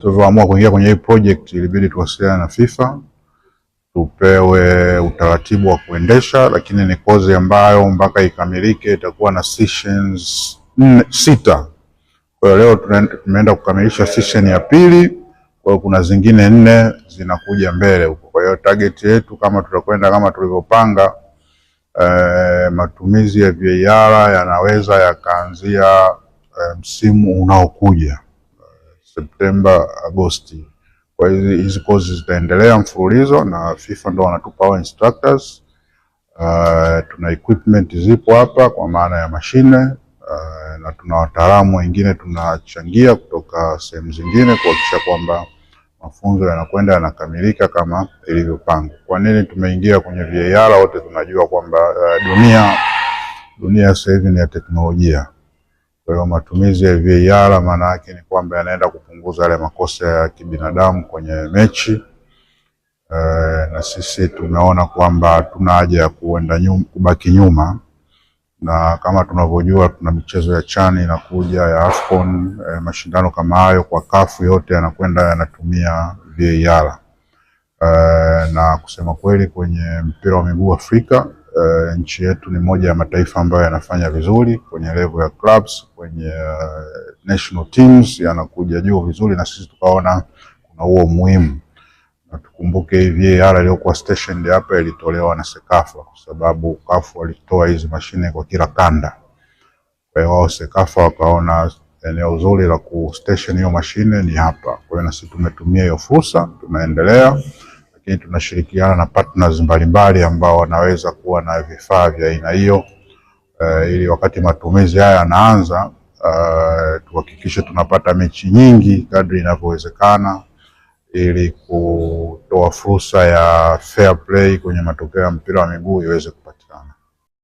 Tulivyoamua kuingia kwenye hii project, ilibidi tuwasiliane na FIFA tupewe utaratibu wa kuendesha, lakini ni kozi ambayo mpaka ikamilike itakuwa na sessions sita. Kwa hiyo leo tumeenda kukamilisha session ya pili, kwa hiyo kuna zingine nne zinakuja mbele huko. Kwa hiyo target yetu kama tutakwenda kama tulivyopanga, eh, matumizi ya VAR yanaweza yakaanzia eh, msimu unaokuja. Septemba, Agosti. Kwa hizi hizi kozi zitaendelea mfululizo na FIFA ndo wanatupa wa instructors. Uh, tuna equipment zipo hapa kwa maana ya mashine uh, na tuna wataalamu wengine tunachangia kutoka sehemu zingine kuhakikisha kwamba mafunzo yanakwenda yanakamilika kama ilivyopangwa. Kwa nini tumeingia kwenye VAR? Wote tunajua kwamba uh, dunia dunia sasa hivi ni ya teknolojia. Kwa hiyo matumizi ya VAR maana yake ni kwamba yanaenda kupunguza yale makosa ya kibinadamu kwenye mechi e, na sisi tumeona kwamba hatuna haja ya kuenda nyum, kubaki nyuma na kama tunavyojua tuna michezo ya chani inakuja ya AFCON e, mashindano kama hayo kwa kafu yote yanakwenda yanatumia VAR e, eh, na kusema kweli kwenye mpira wa miguu Afrika uh, nchi yetu ni moja ya mataifa ambayo yanafanya vizuri kwenye level ya clubs kwenye uh, national teams yanakuja juu vizuri, na sisi tukaona kuna huo muhimu, na tukumbuke hii VAR iliyokuwa stationed hapa ilitolewa na Sekafa kwa sababu Kafu walitoa hizi mashine kwa kila kanda. Kwa hiyo wao Sekafa wakaona eneo zuri la ku station hiyo mashine ni hapa. Kwa hiyo na sisi tumetumia hiyo fursa, tunaendelea lakini tunashirikiana na partners mbalimbali ambao wanaweza kuwa na vifaa vya aina hiyo. Uh, ili wakati matumizi haya yanaanza uh, tuhakikishe tunapata mechi nyingi kadri inavyowezekana ili kutoa fursa ya fair play kwenye matokeo ya mpira wa miguu iweze kupatikana.